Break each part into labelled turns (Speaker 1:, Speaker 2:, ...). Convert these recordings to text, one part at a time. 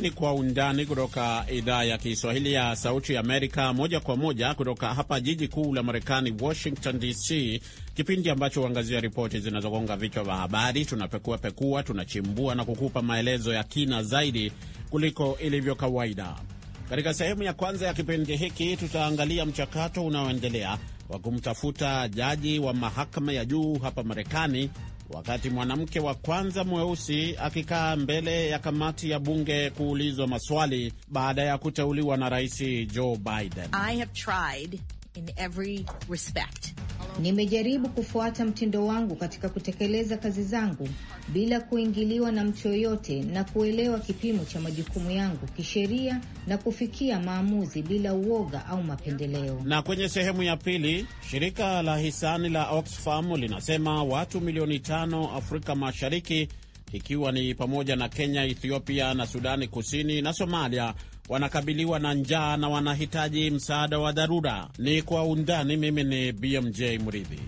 Speaker 1: ni Kwa Undani kutoka idhaa ya Kiswahili ya Sauti Amerika, moja kwa moja kutoka hapa jiji kuu la Marekani, Washington DC, kipindi ambacho huangazia ripoti zinazogonga vichwa vya habari. Tunapekuapekua, tunachimbua na kukupa maelezo ya kina zaidi kuliko ilivyo kawaida. Katika sehemu ya kwanza ya kipindi hiki, tutaangalia mchakato unaoendelea wa kumtafuta jaji wa mahakama ya juu hapa Marekani wakati mwanamke wa kwanza mweusi akikaa mbele ya kamati ya bunge kuulizwa maswali baada ya kuteuliwa na Rais Joe Biden.
Speaker 2: I have tried in every respect Nimejaribu kufuata mtindo wangu katika kutekeleza kazi zangu bila kuingiliwa na mtu yoyote na kuelewa kipimo cha majukumu yangu kisheria na kufikia maamuzi bila uoga au mapendeleo.
Speaker 1: Na kwenye sehemu ya pili, shirika la hisani la Oxfam linasema watu milioni tano Afrika Mashariki ikiwa ni pamoja na Kenya, Ethiopia na Sudani Kusini na Somalia wanakabiliwa na njaa na wanahitaji msaada wa dharura. Ni kwa undani. Mimi ni BMJ Mridhi.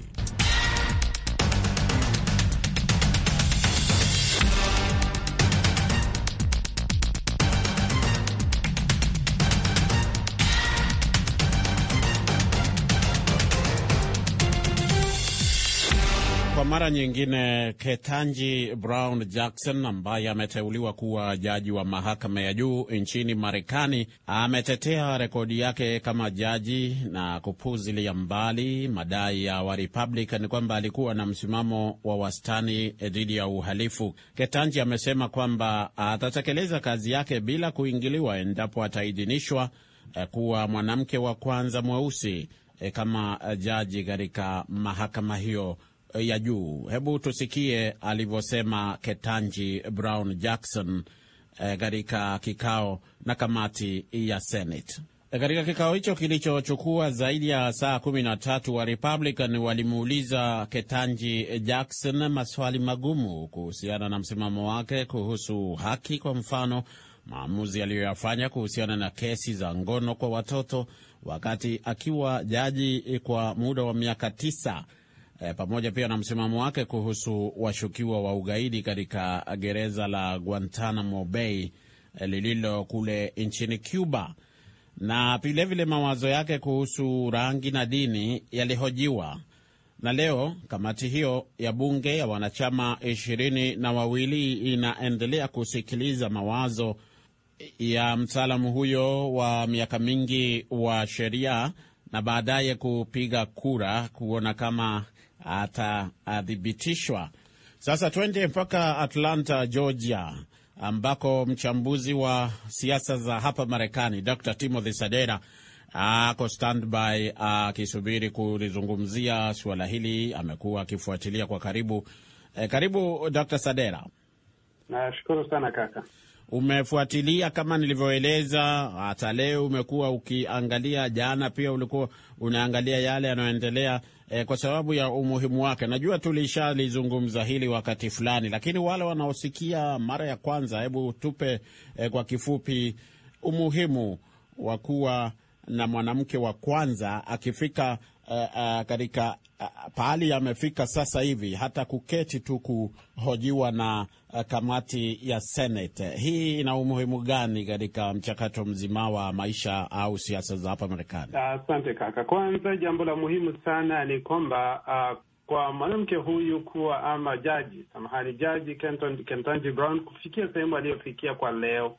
Speaker 1: kwa mara nyingine Ketanji Brown Jackson ambaye ameteuliwa kuwa jaji wa mahakama ya juu nchini Marekani ametetea rekodi yake kama jaji na kupuzilia mbali madai ya Warepublican kwamba alikuwa na msimamo wa wastani dhidi ya uhalifu. Ketanji amesema kwamba atatekeleza kazi yake bila kuingiliwa endapo ataidhinishwa eh, kuwa mwanamke wa kwanza mweusi eh, kama jaji katika mahakama hiyo Eh, ya juu. Hebu tusikie alivyosema Ketanji Brown Jackson eh, katika eh, kikao na kamati ya Senate. Eh, katika kikao hicho kilichochukua zaidi ya saa kumi na tatu, wa Republican walimuuliza Ketanji Jackson maswali magumu kuhusiana na msimamo wake kuhusu haki, kwa mfano maamuzi aliyoyafanya kuhusiana na kesi za ngono kwa watoto wakati akiwa jaji kwa muda wa miaka tisa e, pamoja pia na msimamo wake kuhusu washukiwa wa ugaidi katika gereza la Guantanamo Bay eh, lililo kule nchini Cuba na vilevile mawazo yake kuhusu rangi na dini yalihojiwa. Na leo kamati hiyo ya bunge ya wanachama ishirini na wawili inaendelea kusikiliza mawazo ya mtaalamu huyo wa miaka mingi wa sheria na baadaye kupiga kura kuona kama atathibitishwa. Sasa twende mpaka Atlanta, Georgia, ambako mchambuzi wa siasa za hapa Marekani Dr Timothy Sadera ako standby akisubiri kulizungumzia suala hili. Amekuwa akifuatilia kwa karibu. E, karibu Dr Sadera.
Speaker 3: Nashukuru sana kaka
Speaker 1: umefuatilia kama nilivyoeleza, hata leo umekuwa ukiangalia, jana pia ulikuwa unaangalia yale yanayoendelea e, kwa sababu ya umuhimu wake. Najua tulishalizungumza hili wakati fulani, lakini wale wanaosikia mara ya kwanza, hebu tupe e, kwa kifupi umuhimu wa kuwa na mwanamke wa kwanza akifika uh, uh, katika uh, pahali yamefika sasa hivi hata kuketi tu kuhojiwa na uh, kamati ya Senate. Hii ina umuhimu gani katika mchakato mzima wa maisha au siasa za hapa Marekani?
Speaker 3: Asante uh, kaka. Kwanza jambo la muhimu sana ni kwamba uh, kwa mwanamke huyu kuwa ama jaji, samahani, jaji Kenton Ketanji Brown kufikia sehemu aliyofikia kwa leo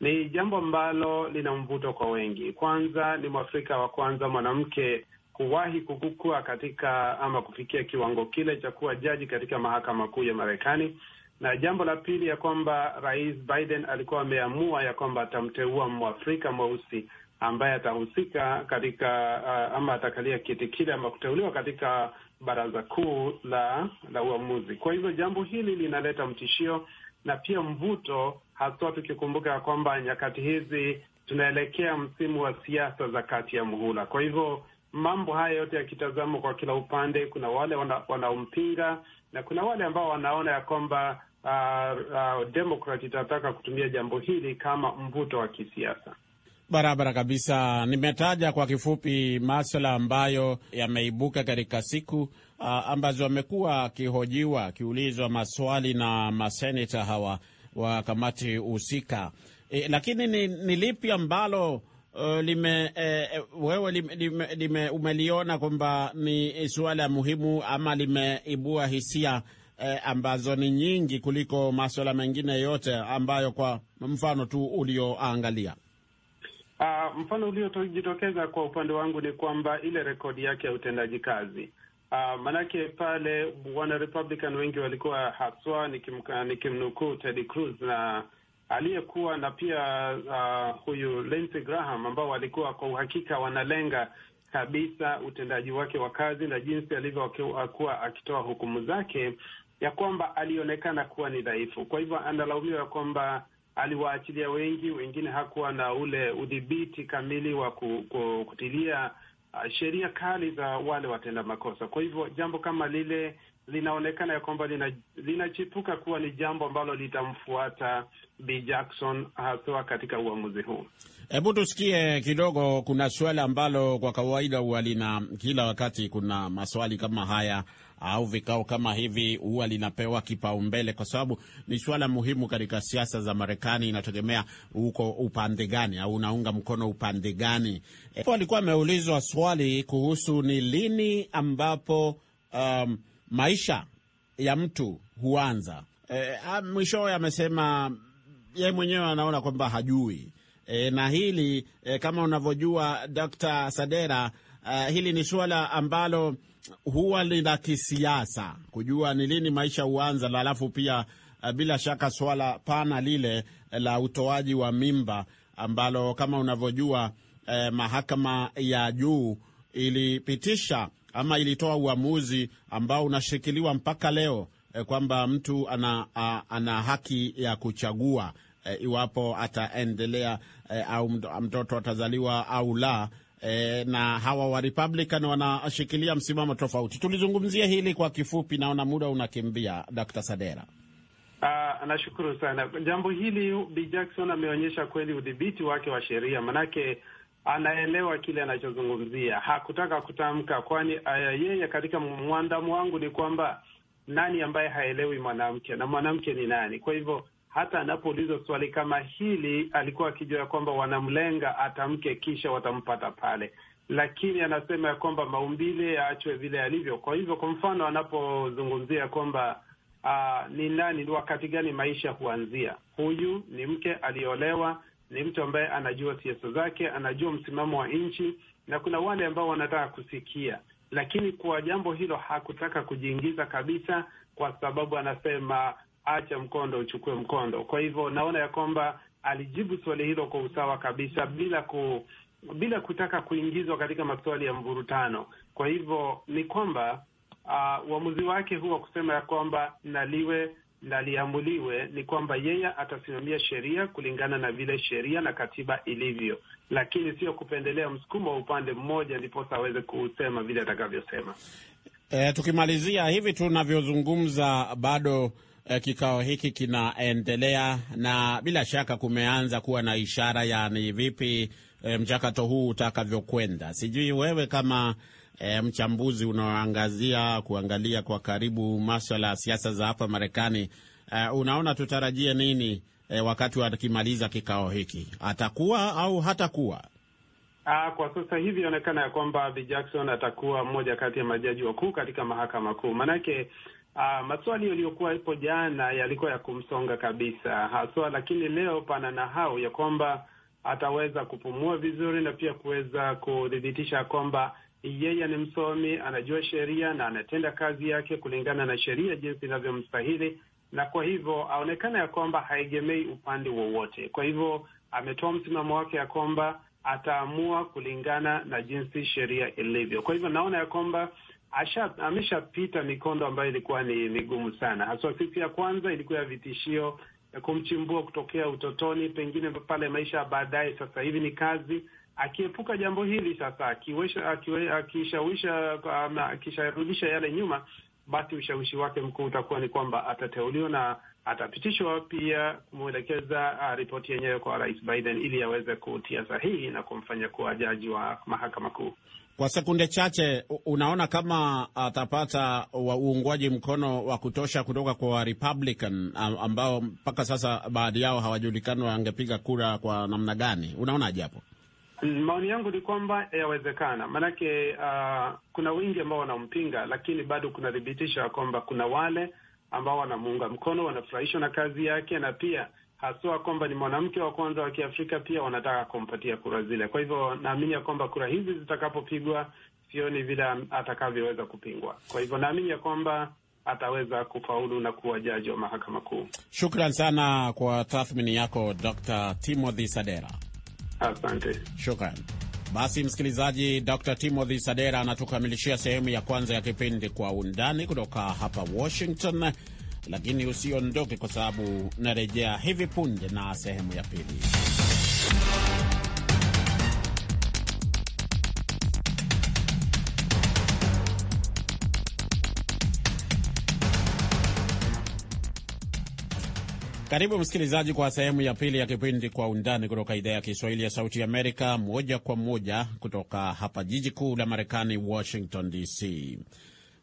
Speaker 3: ni jambo ambalo lina mvuto kwa wengi. Kwanza ni mwafrika wa kwanza mwanamke kuwahi kukukua katika ama kufikia kiwango kile cha kuwa jaji katika mahakama kuu ya Marekani, na jambo la pili ya kwamba Rais Biden alikuwa ameamua ya kwamba atamteua mwafrika mweusi ambaye atahusika katika uh, ama atakalia kiti kile ama kuteuliwa katika baraza kuu la la uamuzi. Kwa hivyo jambo hili linaleta mtishio na pia mvuto, haswa tukikumbuka ya kwamba nyakati hizi tunaelekea msimu wa siasa za kati ya muhula. Kwa hivyo mambo haya yote yakitazamwa kwa kila upande, kuna wale wanaompinga wana na kuna wale ambao wanaona ya kwamba uh, uh, Demokrat itataka kutumia jambo hili kama mvuto wa kisiasa.
Speaker 1: Barabara kabisa. Nimetaja kwa kifupi maswala ambayo yameibuka katika siku uh, ambazo amekuwa akihojiwa akiulizwa maswali na maseneta hawa wa kamati husika. E, lakini ni, ni lipi ambalo Uh, lime, eh, eh, wewe lime, lime, lime, umeliona kwamba ni eh, suala muhimu ama limeibua hisia eh, ambazo ni nyingi kuliko maswala mengine yote ambayo kwa mfano tu ulioangalia?
Speaker 3: Uh, mfano uliojitokeza kwa upande wangu ni kwamba ile rekodi yake ya utendaji kazi Uh, manake pale wana Republican wengi walikuwa haswa, nikimnukuu Ted Cruz na aliyekuwa na pia uh, huyu Lindsey Graham ambao walikuwa kwa uhakika wanalenga kabisa utendaji wake wa kazi na jinsi alivyokuwa akitoa hukumu zake, ya kwamba alionekana kuwa ni dhaifu. Kwa hivyo analaumiwa kwamba aliwaachilia wengi, wengine hakuwa na ule udhibiti kamili wa kutilia uh, sheria kali za wale watenda makosa. Kwa hivyo jambo kama lile linaonekana ya kwamba linachipuka lina kuwa ni jambo ambalo litamfuata B Jackson haswa katika uamuzi huu.
Speaker 1: Hebu tusikie kidogo, kuna suala ambalo kwa kawaida huwa lina kila wakati, kuna maswali kama haya au vikao kama hivi huwa linapewa kipaumbele kwa sababu ni suala muhimu katika siasa za Marekani. Inategemea uko upande gani au unaunga mkono upande gani. Alikuwa ameulizwa swali kuhusu ni lini ambapo um, maisha ya mtu huanza e, mwishowe amesema ye mwenyewe anaona kwamba hajui e, na hili e, kama unavyojua Dr. Sadera e, hili ni suala ambalo huwa ni la kisiasa kujua ni lini maisha huanza, alafu pia e, bila shaka swala pana lile la utoaji wa mimba ambalo kama unavyojua eh, mahakama ya juu ilipitisha ama ilitoa uamuzi ambao unashikiliwa mpaka leo eh, kwamba mtu ana, a, ana haki ya kuchagua eh, iwapo ataendelea eh, au mtoto atazaliwa au la. E, na hawa wa Republican wanashikilia msimamo tofauti. Tulizungumzia hili kwa kifupi, naona muda unakimbia. Dr. Sadera.
Speaker 3: Uh, nashukuru sana. Jambo hili B Jackson ameonyesha kweli udhibiti wake wa sheria, manake anaelewa kile anachozungumzia. Hakutaka kutamka, kwani yeye katika mwandamu wangu ni kwamba nani ambaye haelewi mwanamke na mwanamke ni nani? Kwa hivyo hata anapoulizwa swali kama hili alikuwa akijua ya kwamba wanamlenga atamke, kisha watampata pale, lakini anasema ya kwamba maumbile yaachwe vile yalivyo Kwa hivyo, kwa mfano anapozungumzia kwamba Uh, ni nani, ni wakati gani maisha huanzia? Huyu ni mke aliyeolewa, ni mtu ambaye anajua siasa zake, anajua msimamo wa nchi, na kuna wale ambao wanataka kusikia, lakini kwa jambo hilo hakutaka kujiingiza kabisa, kwa sababu anasema acha mkondo uchukue mkondo. Kwa hivyo naona ya kwamba alijibu swali hilo kwa usawa kabisa, bila ku bila kutaka kuingizwa katika maswali ya mvurutano. Kwa hivyo ni kwamba ah, uamuzi uh, wake huwa kusema ya kwamba naliwe la liambuliwe ni kwamba yeye atasimamia sheria kulingana na vile sheria na katiba ilivyo, lakini sio kupendelea msukumo wa upande mmoja, ndiposa aweze kusema vile atakavyosema.
Speaker 1: E, tukimalizia hivi tunavyozungumza bado e, kikao hiki kinaendelea na bila shaka kumeanza kuwa na ishara ya ni vipi e, mchakato huu utakavyokwenda. Sijui wewe kama e, mchambuzi unaoangazia kuangalia kwa karibu maswala ya siasa za hapa Marekani. E, unaona tutarajie nini e, wakati wakimaliza kikao hiki, atakuwa au hatakuwa?
Speaker 3: Aa, kwa sasa hivi inaonekana ya kwamba Bi Jackson atakuwa mmoja kati ya majaji wakuu katika mahakama kuu maanake Uh, maswali yaliyokuwa ipo jana yalikuwa ya kumsonga kabisa haswa, lakini leo pana nahau ya kwamba ataweza kupumua vizuri na pia kuweza kuthibitisha kwamba yeye ni msomi, anajua sheria na anatenda kazi yake kulingana na sheria jinsi inavyomstahili, na kwa hivyo aonekana ya kwamba haegemei upande wowote. Kwa hivyo ametoa msimamo wake ya kwamba ataamua kulingana na jinsi sheria ilivyo. Kwa hivyo naona ya kwamba ameshapita mikondo ambayo ilikuwa ni migumu sana, haswa siku ya kwanza ilikuwa ya vitishio ya kumchimbua kutokea utotoni, pengine pale maisha ya baadaye. Sasa hivi ni kazi akiepuka jambo hili sasa, akishawisha um, akisharudisha yale nyuma, basi ushawishi wake mkuu utakuwa ni kwamba atateuliwa na atapitishwa pia kumwelekeza uh, ripoti yenyewe kwa Rais Biden ili aweze kutia sahihi na kumfanya kuwa jaji wa mahakama kuu.
Speaker 1: Kwa sekunde chache, unaona kama atapata uungwaji mkono wa kutosha kutoka kwa Republican ambao mpaka sasa baadhi yao hawajulikani wangepiga kura kwa namna gani? unaona hapo?
Speaker 3: Maoni yangu ni kwamba yawezekana, maanake uh, kuna wengi ambao wanampinga, lakini bado kunathibitisha kwamba kuna wale ambao wanamuunga mkono, wanafurahishwa na kazi yake, na pia haswa kwamba ni mwanamke wa kwanza wa Kiafrika, pia wanataka kumpatia kura zile. Kwa hivyo naamini ya kwamba kura hizi zitakapopigwa, sioni vile atakavyoweza kupingwa. Kwa hivyo naamini ya kwamba ataweza kufaulu na kuwa jaji wa mahakama kuu.
Speaker 1: Shukran sana kwa tathmini yako Dr. Timothy Sadera. Asante, shukran. Basi msikilizaji, Dr Timothy Sadera anatukamilishia sehemu ya kwanza ya kipindi Kwa Undani kutoka hapa Washington, lakini usiondoke, kwa sababu narejea hivi punde na sehemu ya pili. Karibu msikilizaji, kwa sehemu ya pili ya kipindi Kwa Undani kutoka idhaa ya Kiswahili ya Sauti Amerika, moja kwa moja kutoka hapa jiji kuu la Marekani, Washington DC.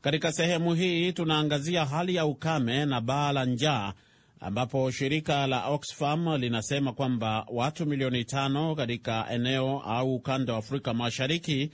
Speaker 1: Katika sehemu hii tunaangazia hali ya ukame na baa la njaa, ambapo shirika la Oxfam linasema kwamba watu milioni tano katika eneo au ukanda wa Afrika Mashariki,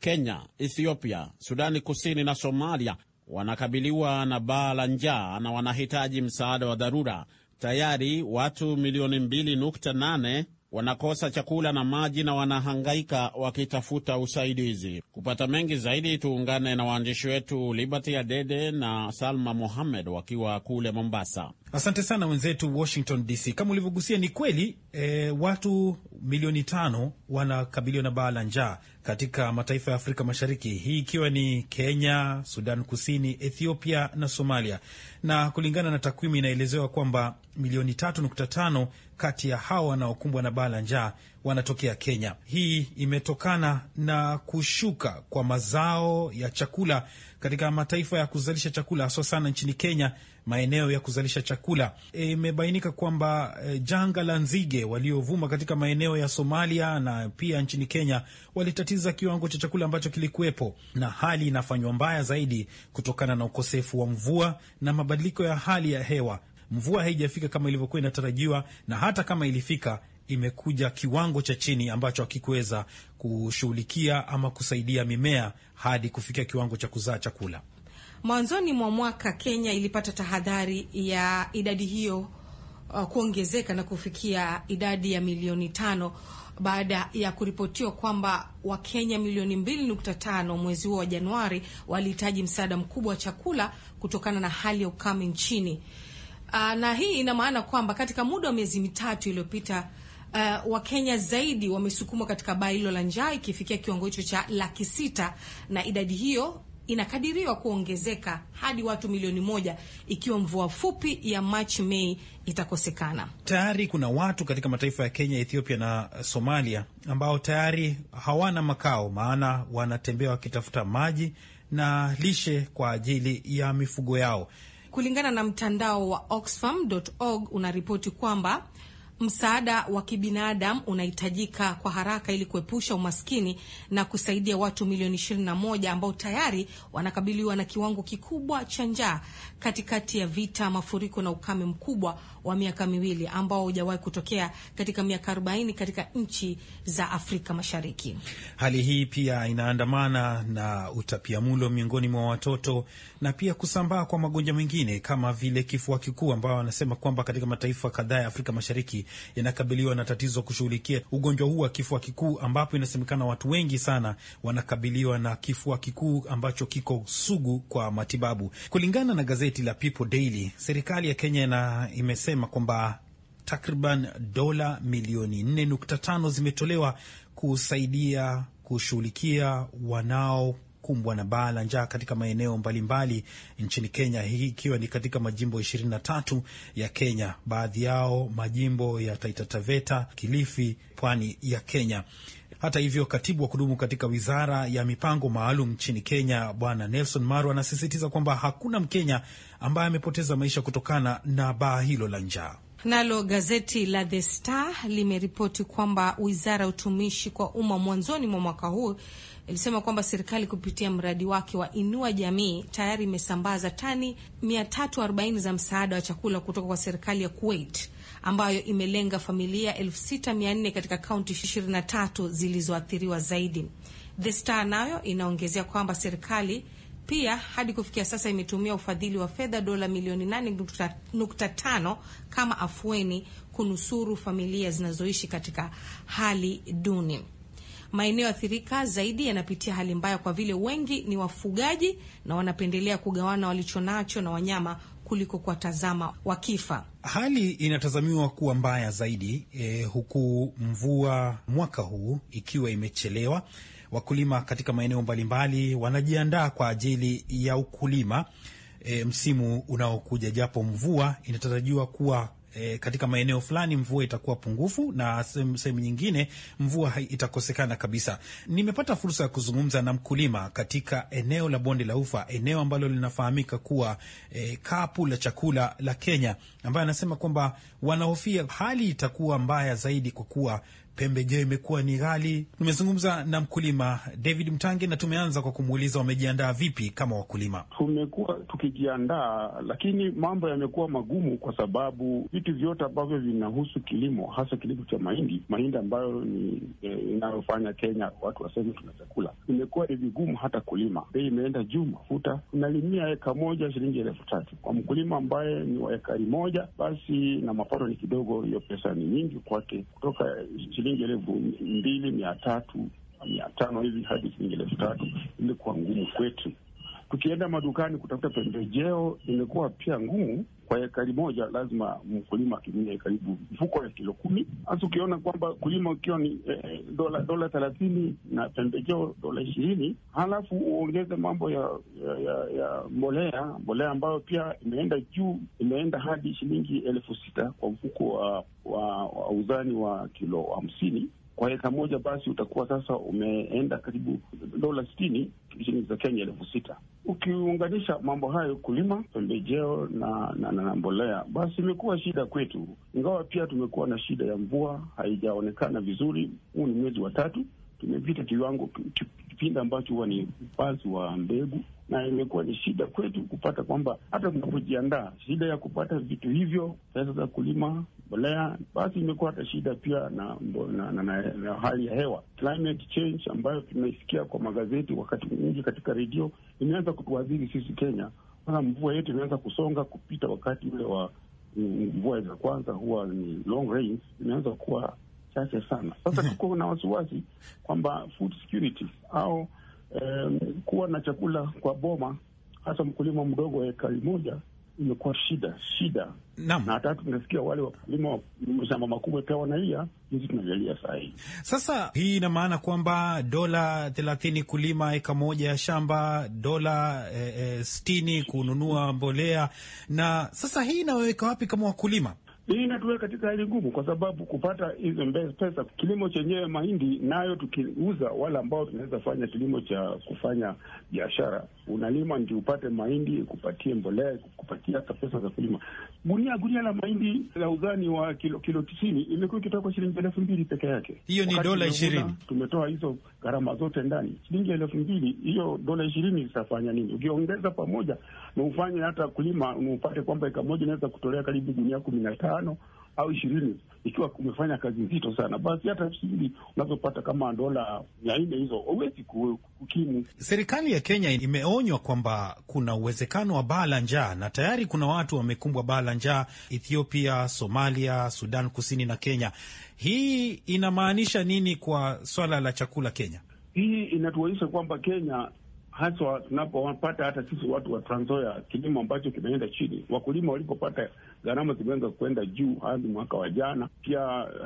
Speaker 1: Kenya, Ethiopia, Sudani Kusini na Somalia wanakabiliwa na baa la njaa na wanahitaji msaada wa dharura Tayari watu milioni 2.8 wanakosa chakula na maji na wanahangaika wakitafuta usaidizi. Kupata mengi zaidi, tuungane na waandishi wetu Liberty Adede na Salma Mohamed wakiwa kule Mombasa.
Speaker 4: Asante sana wenzetu Washington DC. Kama ulivyogusia, ni kweli e, watu milioni tano wanakabiliwa na baa la njaa katika mataifa ya Afrika Mashariki, hii ikiwa ni Kenya, Sudan Kusini, Ethiopia na Somalia. Na kulingana na takwimu, inaelezewa kwamba milioni tatu nukta tano kati ya hawa wanaokumbwa na baa la njaa wanatokea Kenya. Hii imetokana na kushuka kwa mazao ya chakula katika mataifa ya kuzalisha chakula haswa sana nchini Kenya, maeneo ya kuzalisha chakula. Imebainika e, kwamba e, janga la nzige waliovuma katika maeneo ya Somalia na pia nchini Kenya walitatiza kiwango cha chakula ambacho kilikuwepo, na hali inafanywa mbaya zaidi kutokana na ukosefu wa mvua na mabadiliko ya hali ya hewa. Mvua haijafika kama ilivyokuwa inatarajiwa, na hata kama ilifika imekuja kiwango cha chini ambacho hakikuweza kushughulikia ama kusaidia mimea hadi kufikia kiwango cha kuzaa chakula.
Speaker 2: Mwanzoni mwa mwaka Kenya ilipata tahadhari ya idadi hiyo uh, kuongezeka na kufikia idadi ya milioni tano baada ya kuripotiwa kwamba Wakenya milioni 2.5 mwezi huo wa Januari walihitaji msaada mkubwa wa chakula kutokana na hali ya ukame nchini. Uh, na hii ina maana kwamba katika muda wa miezi mitatu iliyopita uh, eh, Wakenya zaidi wamesukumwa katika baa hilo la njaa ikifikia kiwango hicho cha laki sita na idadi hiyo inakadiriwa kuongezeka hadi watu milioni moja ikiwa mvua fupi ya Machi Mei itakosekana.
Speaker 4: Tayari kuna watu katika mataifa ya Kenya, Ethiopia na Somalia ambao tayari hawana makao, maana wanatembea wakitafuta maji na lishe kwa ajili ya mifugo yao.
Speaker 2: Kulingana na mtandao wa Oxfam.org unaripoti kwamba Msaada wa kibinadamu unahitajika kwa haraka ili kuepusha umaskini na kusaidia watu milioni 21 ambao tayari wanakabiliwa na kiwango kikubwa cha njaa katikati ya vita, mafuriko na ukame mkubwa wa miaka miwili ambao ujawahi kutokea katika miaka 40 katika nchi za Afrika Mashariki.
Speaker 4: Hali hii pia inaandamana na utapiamlo miongoni mwa watoto na pia kusambaa kwa magonjwa mengine kama vile kifua kikuu, ambao wanasema kwamba katika mataifa kadhaa ya Afrika Mashariki inakabiliwa yanakabiliwa na tatizo kushughulikia ugonjwa huu wa kifua kikuu, ambapo inasemekana watu wengi sana wanakabiliwa na kifua kikuu ambacho kiko sugu kwa matibabu. Kulingana na gazeti la People Daily, serikali ya Kenya na imesema kwamba takriban dola milioni 4.5 zimetolewa kusaidia kushughulikia wanao kukumbwa na baa la njaa katika maeneo mbalimbali nchini Kenya, hii ikiwa ni katika majimbo tatu ya Kenya, baadhi yao majimbo ya Taita Taveta, Kilifi, pwani ya Kenya. Hata hivyo katibu wa kudumu katika wizara ya mipango maalum nchini Kenya, Bwana Nelson Maro, anasisitiza kwamba hakuna Mkenya ambaye amepoteza maisha kutokana na baa hilo la njaa.
Speaker 2: Nalo gazeti la The Star limeripoti kwamba wizara ya utumishi kwa umma mwanzoni mwa mwaka huu ilisema kwamba serikali kupitia mradi wake wa Inua Jamii tayari imesambaza tani 340 za msaada wa chakula kutoka kwa serikali ya Kuwait ambayo imelenga familia 6400 katika kaunti 23 zilizoathiriwa zaidi. The Star nayo inaongezea kwamba serikali pia hadi kufikia sasa imetumia ufadhili wa fedha dola milioni 8.5 kama afueni kunusuru familia zinazoishi katika hali duni. Maeneo athirika zaidi yanapitia hali mbaya kwa vile wengi ni wafugaji na wanapendelea kugawana walichonacho na wanyama kuliko kuwatazama wakifa.
Speaker 4: Hali inatazamiwa kuwa mbaya zaidi eh, huku mvua mwaka huu ikiwa imechelewa wakulima katika maeneo mbalimbali wanajiandaa kwa ajili ya ukulima e, msimu unaokuja, japo mvua inatarajiwa kuwa E, katika maeneo fulani mvua itakuwa pungufu na sehemu nyingine mvua itakosekana kabisa. Nimepata fursa ya kuzungumza na mkulima katika eneo la bonde la Ufa, eneo ambalo linafahamika kuwa e, kapu la chakula la Kenya, ambaye anasema kwamba wanahofia hali itakuwa mbaya zaidi kwa kuwa pembejeo imekuwa ni ghali. Nimezungumza na mkulima David Mtange na tumeanza kwa kumuuliza wamejiandaa vipi kama wakulima. Tumekuwa tukijiandaa, lakini
Speaker 5: mambo yamekuwa magumu kwa sababu vitu vyote ambavyo vinahusu kilimo, hasa kilimo cha mahindi, mahindi ambayo ni e, inayofanya Kenya watu waseme tuna chakula, imekuwa ni vigumu hata kulima. Bei imeenda juu, mafuta unalimia eka moja shilingi elfu tatu kwa mkulima ambaye ni wa ekari moja, basi na mapato ni kidogo, hiyo pesa ni nyingi kwake kutoka shilingi elfu mbili mia tatu mia tano hivi hadi shilingi elfu tatu ilikuwa ngumu kwetu Tukienda madukani kutafuta pembejeo imekuwa pia ngumu. Kwa ekari moja lazima mkulima atumie karibu mfuko ya kilo kumi. Hasa ukiona kwamba kulima ukiwa ni eh, dola dola thelathini na pembejeo dola ishirini halafu uongeze mambo ya ya, ya ya mbolea mbolea ambayo pia imeenda juu, imeenda hadi shilingi elfu sita kwa mfuko wa, wa, wa uzani wa kilo hamsini kwa heka moja basi utakuwa sasa umeenda karibu dola sitini shilingi za Kenya elfu sita. Ukiunganisha mambo hayo, kulima pembejeo na, na, na mbolea, basi imekuwa shida kwetu, ingawa pia tumekuwa na shida ya mvua, haijaonekana vizuri. Huu ni mwezi wa tatu, tumepita kiwango kipindi ambacho huwa ni upazi wa mbegu, na imekuwa ni shida kwetu kupata kwamba hata tunapojiandaa, shida ya kupata vitu hivyo, pesa za kulima, mbolea, basi imekuwa hata shida pia na, na, na, na, na hali ya hewa climate change ambayo tunaisikia kwa magazeti wakati mwingi katika redio imeanza kutuadhiri sisi Kenya. Sasa mvua yetu imeanza kusonga kupita wakati ule wa mvua za kwanza huwa ni long rains, imeanza kuwa chache sana. Sasa mhm. tuko na wasiwasi kwamba food security au um, kuwa na chakula kwa boma, hasa mkulima mdogo wa ekari moja imekuwa shida shida na hata tunasikia wale wakulima mashamba makubwa pia wanalia hizi tunajalia saa hii.
Speaker 4: Sasa hii ina maana kwamba dola thelathini kulima eka moja ya shamba, dola e, e, sitini kununua mbolea. Na sasa hii inawaweka wapi kama wakulima? Hii inatuweka katika hali ngumu, kwa sababu kupata hizo
Speaker 5: pesa. Kilimo chenyewe mahindi nayo tukiuza, wale ambao tunaweza fanya kilimo cha kufanya biashara, unalima ndio upate mahindi, kupatie mbolea, kupatia hata pesa za kulima. Gunia gunia la mahindi la uzani wa kilo kilo tisini imekuwa ikitoka kwa shilingi elfu mbili peke yake. Hiyo ni dola ishirini. Tumetoa hizo gharama zote ndani, shilingi elfu mbili. Hiyo dola ishirini zitafanya nini? Ukiongeza pamoja na ufanye hata kulima, upate kwamba eka moja inaweza kutolea karibu gunia kumi na tano tano au ishirini ikiwa umefanya kazi nzito sana basi hata shughuli unazopata kama dola mia nne hizo huwezi kukimu.
Speaker 4: Serikali ya Kenya imeonywa kwamba kuna uwezekano wa baa la njaa na tayari kuna watu wamekumbwa baa la njaa Ethiopia, Somalia, Sudan Kusini na Kenya. Hii inamaanisha nini kwa swala la chakula Kenya?
Speaker 5: Hii inatuonyesha kwamba Kenya haswa tunapopata hata sisi watu wa Trans Nzoia, kilimo ambacho kimeenda chini, wakulima walipopata gharama zimeweza kwenda juu hadi mwaka wa jana. Pia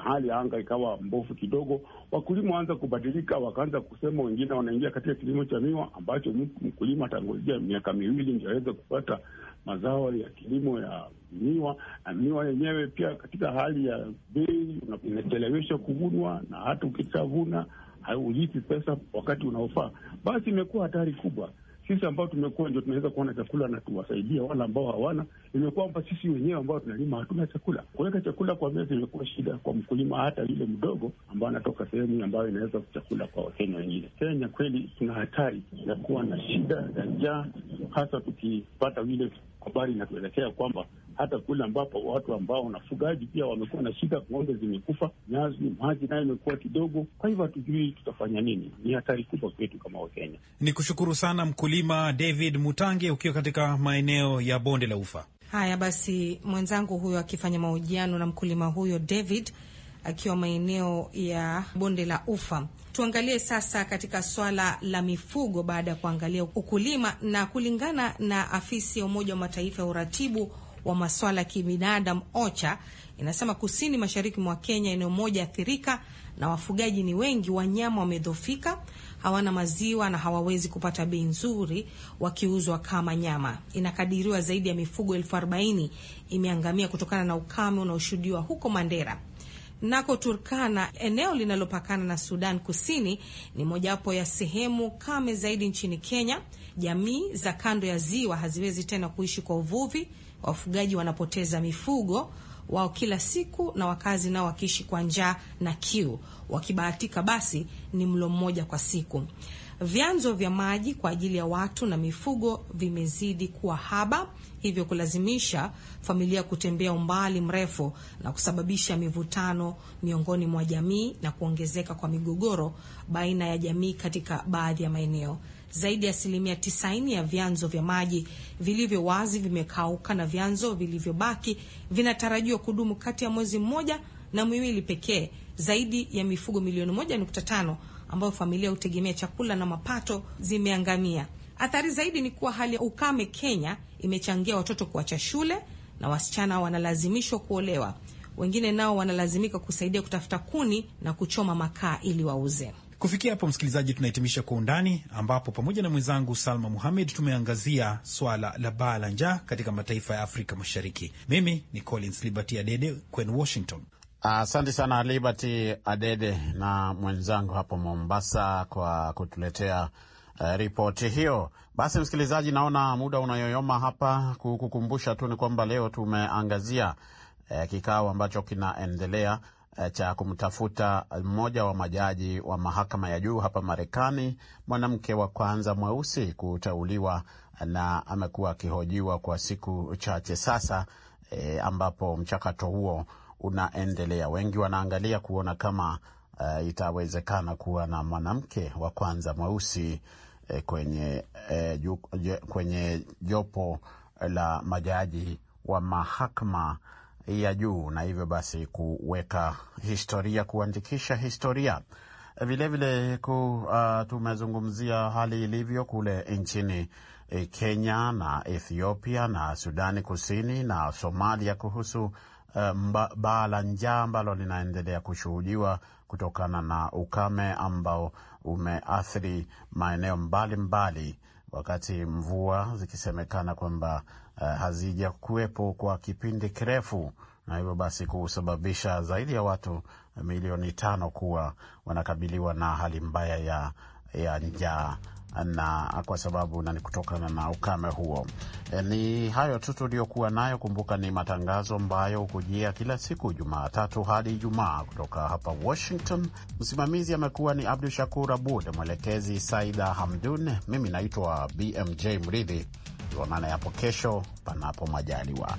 Speaker 5: hali ya anga ikawa mbovu kidogo, wakulima waanza kubadilika, wakaanza kusema, wengine wanaingia katika kilimo cha miwa ambacho mkulima atangojea miaka miwili ndio aweze kupata mazao ya kilimo ya miwa, na miwa yenyewe pia katika hali ya bei inacheleweshwa kuvunwa, na hata ukishavuna haulipi pesa wakati unaofaa. Basi imekuwa hatari kubwa sisi ambao tumekuwa ndio tunaweza kuona chakula na tuwasaidia wale ambao hawana. Imekuwa kwamba sisi wenyewe ambao tunalima hatuna chakula, kuweka chakula kwa meza imekuwa shida kwa mkulima, hata yule mdogo ambao anatoka sehemu ambayo inaweza chakula kwa Wakenya wengine. Kenya kweli tuna hatari ya kuwa na shida ya njaa, hasa tukipata vile habari inatuelekea kwamba hata kule ambapo watu ambao wanafugaji pia wamekuwa na shida, ng'ombe zimekufa, nyazi maji nayo imekuwa kidogo. Kwa hivyo hatujui tutafanya nini, ni hatari kubwa kwetu kama Wakenya.
Speaker 4: Ni kushukuru sana mkulima David Mutange ukiwa katika maeneo ya bonde la Ufa.
Speaker 2: Haya basi, mwenzangu huyo akifanya mahojiano na mkulima huyo David akiwa maeneo ya bonde la Ufa. Tuangalie sasa katika swala la mifugo, baada ya kuangalia ukulima na kulingana na afisi ya Umoja wa Mataifa ya uratibu wa maswala ya kibinadamu OCHA inasema kusini mashariki mwa Kenya eneo moja athirika na wafugaji ni wengi, wanyama wamedhofika, hawana maziwa na hawawezi kupata bei nzuri wakiuzwa kama nyama. Inakadiriwa zaidi ya mifugo elfu arobaini imeangamia kutokana na ukame unaoshuhudiwa huko Mandera. Nako Turkana, eneo linalopakana na Sudan Kusini, ni mojawapo ya sehemu kame zaidi nchini Kenya. Jamii za kando ya ziwa haziwezi tena kuishi kwa uvuvi Wafugaji wanapoteza mifugo wao kila siku na wakazi nao wakiishi kwa njaa na kiu, wakibahatika basi ni mlo mmoja kwa siku. Vyanzo vya maji kwa ajili ya watu na mifugo vimezidi kuwa haba, hivyo kulazimisha familia kutembea umbali mrefu na kusababisha mivutano miongoni mwa jamii na kuongezeka kwa migogoro baina ya jamii katika baadhi ya maeneo. Zaidi ya asilimia 90 ya vyanzo vya maji vilivyo wazi vimekauka na vyanzo vilivyobaki vinatarajiwa kudumu kati ya mwezi mmoja na miwili pekee. Zaidi ya mifugo milioni 1.5 ambayo familia hutegemea chakula na mapato zimeangamia. Athari zaidi ni kuwa hali ya ukame Kenya imechangia watoto kuacha shule na wasichana wanalazimishwa kuolewa. Wengine nao wanalazimika kusaidia kutafuta kuni na kuchoma makaa ili wauze.
Speaker 4: Kufikia hapo, msikilizaji, tunahitimisha Kwa Undani, ambapo pamoja na mwenzangu Salma Muhamed tumeangazia swala la baa la njaa katika mataifa ya Afrika Mashariki. Mimi ni Collins Liberty Adede kwenu Washington.
Speaker 1: Asante uh, sana Liberty Adede na mwenzangu hapo Mombasa kwa kutuletea uh, ripoti hiyo. Basi msikilizaji, naona muda unayoyoma hapa. Kukukumbusha tu ni kwamba leo tumeangazia uh, kikao ambacho kinaendelea Eh, cha kumtafuta mmoja wa majaji wa mahakama ya juu hapa Marekani, mwanamke wa kwanza mweusi kuteuliwa, na amekuwa akihojiwa kwa siku chache sasa, e, ambapo mchakato huo unaendelea. Wengi wanaangalia kuona kama e, itawezekana kuwa na mwanamke wa kwanza mweusi e, kwenye, e, kwenye jopo la majaji wa mahakama ya juu na hivyo basi kuweka historia, kuandikisha historia. Vilevile ku, uh, tumezungumzia hali ilivyo kule nchini eh, Kenya na Ethiopia na Sudani Kusini na Somalia kuhusu eh, baa la njaa ambalo linaendelea kushuhudiwa kutokana na ukame ambao umeathiri maeneo mbalimbali mbali, wakati mvua zikisemekana kwamba Eh, hazijakuwepo kwa kipindi kirefu, na hivyo basi kusababisha zaidi ya watu milioni tano kuwa wanakabiliwa na hali mbaya ya, ya njaa na kwa sababu na ni kutokana na ukame huo. E, ni hayo tu tuliyokuwa nayo. Kumbuka ni matangazo ambayo hukujia kila siku Jumatatu hadi Ijumaa kutoka hapa Washington. Msimamizi amekuwa ni Abdu Shakur Abud, mwelekezi Saida Hamdun, mimi naitwa BMJ Mridhi tuonane hapo yapo kesho, panapo majaliwa.